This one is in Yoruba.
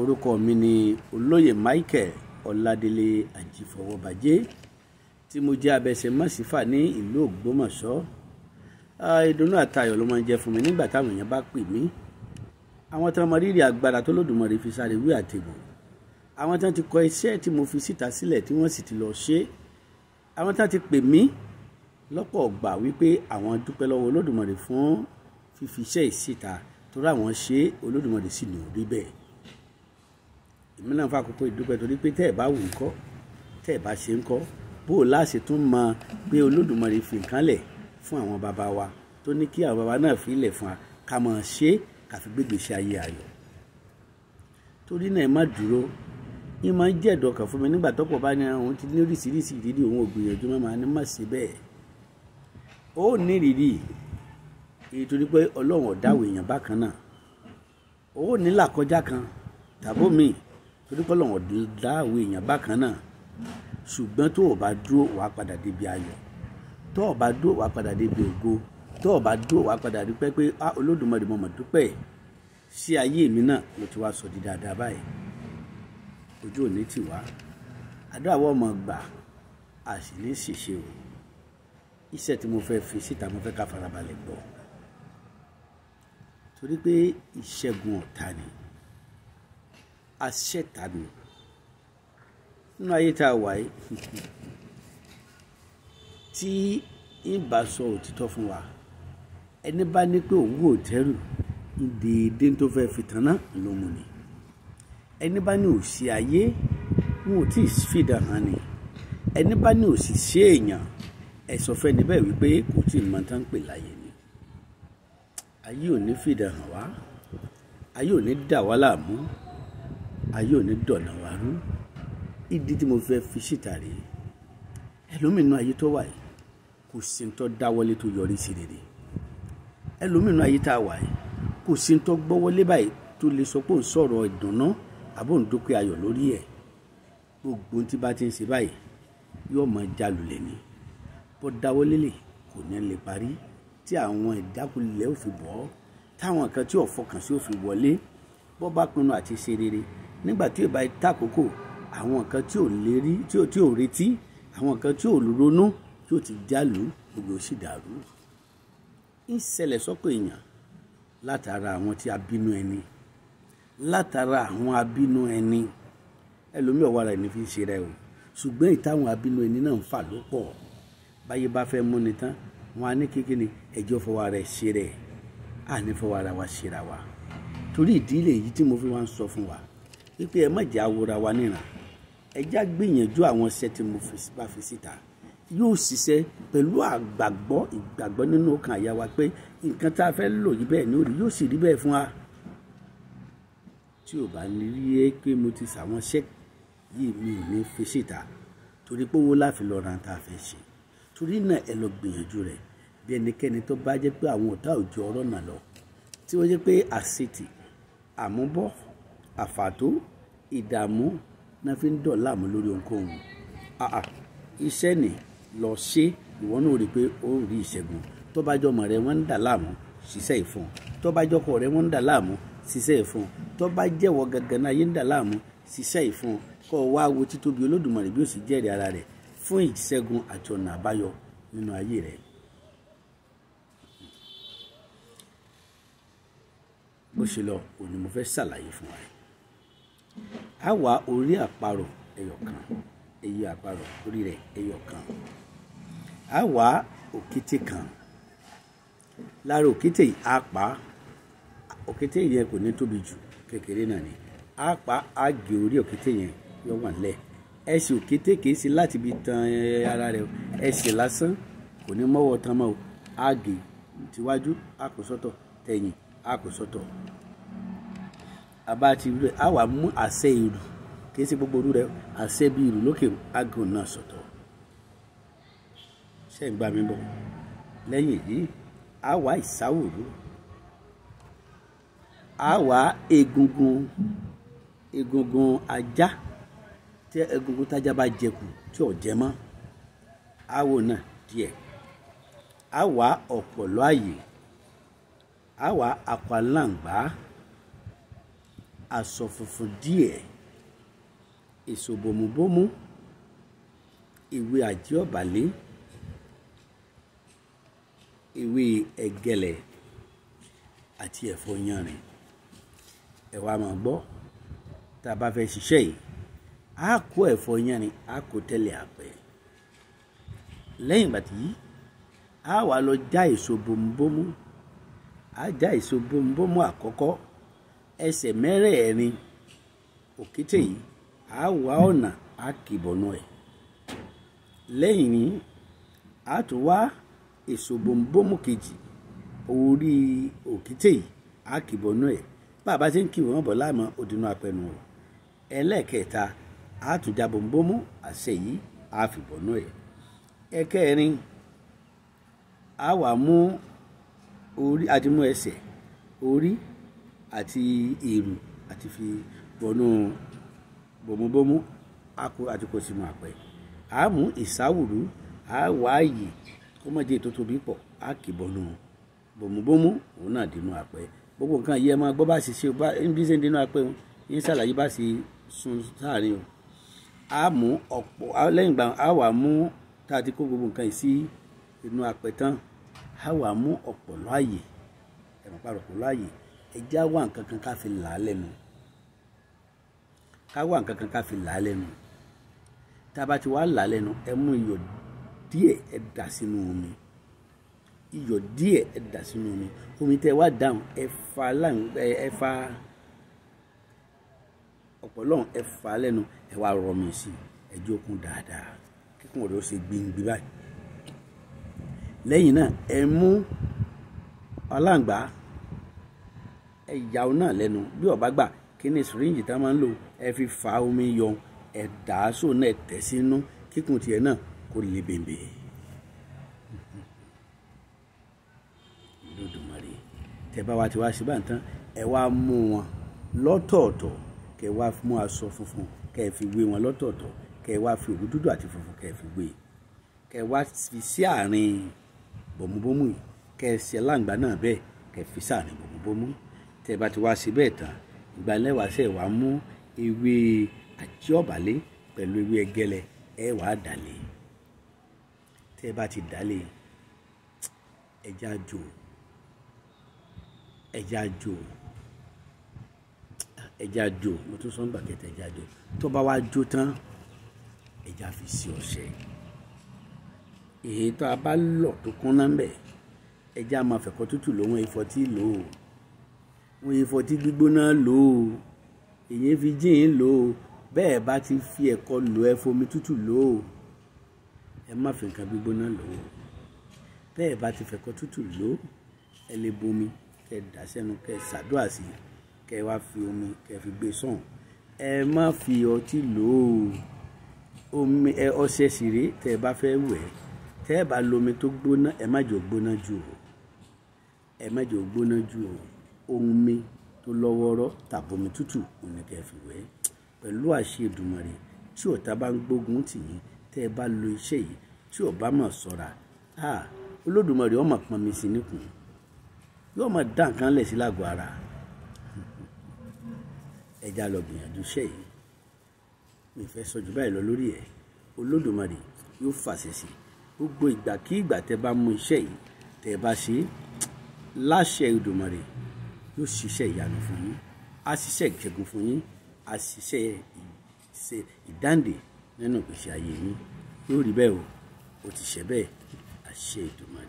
orúkọ mi ni olóyè Michael Ọládélé Ajífọwọ́bajé tí mo jẹ́ abẹsẹ̀mọ́sífà ní ìlú Ògbómọ̀ṣọ́ ìdùnnú àtayọ̀ ló máa ń jẹ́ fún mi nígbà táwọn èèyàn bá pè mí àwọn tí wọ́n mọ rírì agbára tó lódùmarè fi sáré wí àtẹ̀bù àwọn tí wọ́n ti kọ iṣẹ́ tí mo fi síta sílẹ̀ tí wọ́n sì ti lọ ṣe àwọn tí wọ́n ti pè mí lọ́pọ̀ ọgbà wípé àwọn dúpẹ́ lọ́wọ́ olódùmarè fún fífi iṣẹ́ ìsíta torí àwọn ṣe olódùmarè sì ní orí bẹ́ẹ̀ èmi náà fàkókò ìdúpẹ́ torí pé tẹ́ ẹ̀ bá wù ń kọ́ tẹ́ ẹ̀ bá ṣe ń kọ́ bó o láṣẹ tún mọ pé olódùmarè fi nǹkan lẹ̀ fún àwọn bàbá wa tó ní kí àwọn bàbá náà fi lẹ̀ fún wa ká mọ̀ ṣe káfi gbégbèsè ayé ayọ̀ torí náà ẹ má dúró yín máa ń jẹ́ ẹ̀dọ̀kàn fún mi nígbà tọ́pọ̀ bá ní àwọn ti ní oríṣiríṣi ìrírí òun ò gbìyànjú mọ́ má ṣe bẹ́ẹ̀ ó ní ìrírí nítorí pé ọlọ́run ọ̀dáwò èèyàn bákan náà ó ní làkọjá kan tàbó míì torí pé Ọlọ́run dá àwọn èèyàn bákan náà ṣùgbọ́n tó o bá dúró wàá padà débi ayọ̀ tó o bá dúró wàá padà débi ògo tó o bá dúró wàá padà dúpẹ́ pé a ah, Olódùmarè mo mọ̀ dúpẹ́ sí ayé mi náà ló ti wá sọ di dáadáa báyìí ojú òní tì wá àdó àwọn ọmọ gbà a sì ní ṣìṣe o iṣẹ́ tí mo fẹ́ fi síta mo fẹ́ ká farabalẹ̀ gbọ́ torí pé ìṣẹ́gun ọ̀tá ni àṣẹ nínú ayé tá a wà yìí tí ìbá sọ òtítọ́ fún wa ẹni bá ní pé òun ò tẹ́rù déédéé tó fẹ́ fi tán náà ló mú ni ẹni bá ní òsì ayé wọn ò tí ì fìdá hàn ni ẹni bá ní òsì ṣe èèyàn ẹ̀sọ́ fẹ́ níbẹ̀ wípé kò tí ì mọ tán pè láyé ni ayé ò ní fìdá hàn wá ayé ò ní dà wá láàmú ayé ò ní dọ̀nà wa rú ìdí tí mo fẹ́ fi síta rèé ẹlòmínú ayé tó wà yìí kò sí ń tọ́ dáwọ́lé tó yọrí sí rere ẹlòmínú ayé tá a wà yìí kò sí ń tọ́ gbọ́wọ́lé báyìí tó lè sọ pé òun sọ̀rọ̀ ìdùnná àbò ń dúpẹ́ ayọ̀ lórí ẹ̀ gbogbo tí bá ti ń ṣe báyìí yóò máa jalulẹ̀ ni bó dáwọ́lé lè kò ní lè parí tí àwọn ìdákulẹ̀ ò bọ́ táwọn kan tí ò fọkàn sí ò wọlé bó bá pinnu àti ṣe rere nígbà tí ìbá tàkókò àwọn nǹkan tí ò lérí tí ò tí ò retí àwọn nǹkan tí ò ronú tí ò ti jálù gbogbo sì dàrú. ń ṣẹlẹ̀ sọ́kọ̀ èèyàn látara àwọn tí a bínú ẹni látara àwọn abínú ẹni ẹlòmíràn wàrà ẹni fi ń ṣe rẹ o ṣùgbọ́n ìtàwọn abínú ẹni náà ń fà ló báyé bá fẹ́ múni tán wọn á ní kékeré ẹjọ́ fọwọ́ ara ẹ̀ ṣe rẹ̀ àní fọwọ́ ara wa ṣe ra wa torí ìdílé yìí tí mo fi wá ń sọ fún wa wípé ẹ má jẹ́ awora wa níran ẹ já gbìyànjú àwọn iṣẹ́ tí mo bá fi síta yóò ṣiṣẹ́ pẹ̀lú àgbàgbọ́ ìgbàgbọ́ nínú ọkàn àyà wa pé nǹkan tá a fẹ́ lò yìí bẹ́ẹ̀ ni ó rí yóò sì rí bẹ́ẹ̀ fún wa tí ò bá ní rí ẹ pé mo ti ṣàwọn iṣẹ́ yìí mi ní fi síta torí pé owó láfi lọ ra tá a fẹ́ ṣe torí náà ẹ lọ gbìyànjú rẹ bí ẹnikẹ́ni tó bá jẹ́ pé àwọn ọ̀tá òjò ọ̀rọ̀ náà lọ tí wọ́n jẹ́ pé àṣetì àmúbọ̀ àfàtó ìdààmú náà fi ń dọ̀ láàmú lórí ohunkóhun àà iṣẹ́ nì lọ ṣe ìwọ náà rí i pé ó rí ìṣẹ́gun tọ́bajọ́ ọmọ rẹ wọ́n ń dà láàmú ṣiṣẹ́ ìfún tọ́bajọ́ ọkọ rẹ wọ́n ń dà láàmú ṣiṣẹ́ ìfún tọ́bajẹ́wọ́ gangan náà yé ń dà láàmú ṣiṣẹ́ ìfún kọ́ wá wo títóbi olódùmarè bí ó sì jẹ́rìí ara rẹ̀ fún ìṣẹ́gun àti ọ̀nà àbáyọ nínú ayé rẹ̀. bó ṣe lọ òní mo fẹ́ ṣàlàyé fún wa rẹ̀ á wá orí àparò ẹyọkan èyí àparò orí rẹ̀ ẹyọkan á wá òkété kan lára òkété yìí á pa òkété yẹn kò ní tóbi jù kékeré náà ni á pa á gé orí òkété yẹn yọ wà lẹ ẹsẹ̀ òkété kìí ṣe láti ibi tan ara rẹ̀ ẹsẹ̀ lásán kò ní mọ́wọ́ tán mọ́ o tiwájú á kó sọ́tọ̀ àbá ti rú rẹ̀ á wà mú àṣẹ ìrù kì í ṣe gbogbo orú rẹ̀ àṣẹ bí ìrù lókè ágùn náà sọ̀tọ̀ ṣe ń gbà mí bọ̀ lẹ́yìn yìí á wà ìsáwòrú á wà egungun egungun ajá tí egungun tájá bá jẹkù tí ò jẹ mọ́ á náà díẹ̀ á wà àyè á wà asọ̀fòfòdíẹ̀ èsobòmùbòmù ìwé àjíọ̀bàlẹ̀ ìwé ẹ̀gẹ̀lẹ̀ àti ẹ̀fọ́ yanrìn ẹ wá máa gbọ́ tá a bá fẹ́ ṣiṣẹ́ yìí a kó ẹ̀fọ́ yanrìn a kó tẹ́lẹ̀ àpẹ́ lẹ́yìn ìgbà tí a wà lọ já a já Ese mẹ́rẹ̀ẹ̀rin òkété yìí a wá ọ̀nà á kìbọ̀nù ẹ̀ lẹ́yìn tún wá èso bòmbòmù kejì orí òkété yìí á kìbọ̀nù ẹ̀ bàbá tí ń bọ̀ láàmú òdinú apẹnu ọ̀ ẹlẹ́ẹ̀kẹta tún já bòmbòmù àṣẹ yìí ẹ̀ wà mú orí àti èrù àti fi bọnú bòmúbòmú àti kò sínú àpẹ a mú ìsáwùrú a wá ààyè kó má jẹ́ ètò tóbi pọ̀ a kì bọnú bòmúbòmú òun náà dínú àpẹ gbogbo nǹkan yìí ẹ máa gbọ́ bá sì ṣe bí ṣe ń dínú àpẹ wọn ní sàlàyé bá sì sun sáàrin o a mú ọ̀pọ̀ lẹ́yìn ìgbà a mú tá a ti kó gbogbo nǹkan yìí sí inú àpẹ tán a mú ọ̀pọ̀ láàyè ẹ̀rọ láàyè ẹjẹ́ á wà nǹkan kan ká fi là á lẹ́nu ká wà nǹkan kan ká fi là á lẹ́nu tá a bá ti wá là á lẹ́nu ẹ mú iyọ̀ díẹ̀ ẹ dà sínú omi iyọ̀ díẹ̀ ẹ dà sínú omi omi tẹ wá dáhùn ẹ fa láhùn ẹ fa ọ̀pọ̀lọ́hùn ẹ fa lẹ́nu ẹ wá rọmi sí ẹ jẹ́ dáadáa kíkùn ọ̀dọ́ ṣe gbìngbì báyìí lẹ́yìn náà ẹ mú aláǹgbá ẹ ya ọ náà lẹ́nu bí ọba gbà kí ni syringe tá a máa ń lò ẹ fi fa omi yọ ẹ dà á sóò náà ẹ tẹ̀ sínú kíkùn tiẹ̀ náà kó lè bèbè. lódùmarè tẹ bá wa ti wá sí báńtán ẹ wá mú wọn lọ́tọ̀ọ̀tọ̀ kẹ wá mú aṣọ funfun kẹ fi wé wọn lọ́tọ̀ọ̀tọ̀ kẹ wá fi òwú dúdú àti funfun kẹ fi wé e. kẹ wá fi sí àárín bòmùbòmù kẹ ṣe aláǹgbá náà bẹ́ẹ̀ kẹ fi sáàárín bòmùbòmù yìí tẹ́ ẹ bá ti wá sí bẹ́ẹ̀ tán ìgbà lẹ́wàá sẹ́ wàá mú ewé àjíọ̀bálẹ̀ pẹ̀lú ewé ẹgẹlẹ ẹ wàá dàlẹ̀ tẹ́ ẹ bá ti dàlẹ̀ ẹja jò ẹja jò ẹja jò mo tún sọ ń gbàgẹ́tẹ̀ ẹja jò tó bá wá jó tán ẹja fi sí ọṣẹ èyí tó a bá lọ tó kún náà ń bẹ ẹja máa fẹ̀kọ́ tútù lóhun ẹ̀fọ́ tí lò ó wọn yìí fọtí gbígbóná lò ó èyí fi jíìn lò ó bẹ́ẹ̀ bá ti fi ẹ̀kọ lò ẹ fomi tútù lò ó ẹ má fi nǹkan gbígbóná lò ó bẹ́ẹ̀ bá ti fẹ̀kọ tútù lò ó ẹ lè bomi kẹ dà sẹ́nu kẹ ṣàdúrà sí i kẹ wá fi omi kẹ fi gbé e sàn ẹ má fi ọtí lò ó omi ẹ ọṣẹ ṣìrè tẹ ẹ bá fẹ́ wẹ̀ tẹ ẹ bá lomi tó gbóná ẹ má jò gbóná jù o ẹ má jò gbóná jù o omi tó lọ́wọ́rọ́ tàbomi tútù òní kẹfì wẹ̀ pẹ̀lú àṣẹ Èdùmàrè tí ọ̀tá bá ń gbógun tì yín tẹ́ ẹ bá lo iṣẹ́ yìí tí ọba mọ̀ sọ́ra Olódùmarè ó máa pọnmi sí níkùn yóò máa dá nǹkan lẹ̀ sí lágọ̀ọ́ ara ẹja lọ gbìyànjú iṣẹ́ yìí mi fẹ́ sọ jù báyìí lọ lórí ẹ̀ Olódùmarè yóò fàṣẹ sí gbogbo ìgbà kí ìgbà tẹ́ bá mú iṣẹ́ yìí tẹ́ bá ṣe láṣẹ Èdùmàrè yóò ṣiṣẹ́ ìyanu fún yín á ṣiṣẹ́ ìṣẹ́gun fún yín á ṣiṣẹ́ ìdáǹdè nínú ìgbésí ayé yín yóò rí bẹ́ẹ̀ o ó ti ṣe bẹ́ẹ̀ àṣẹ ìdùnnú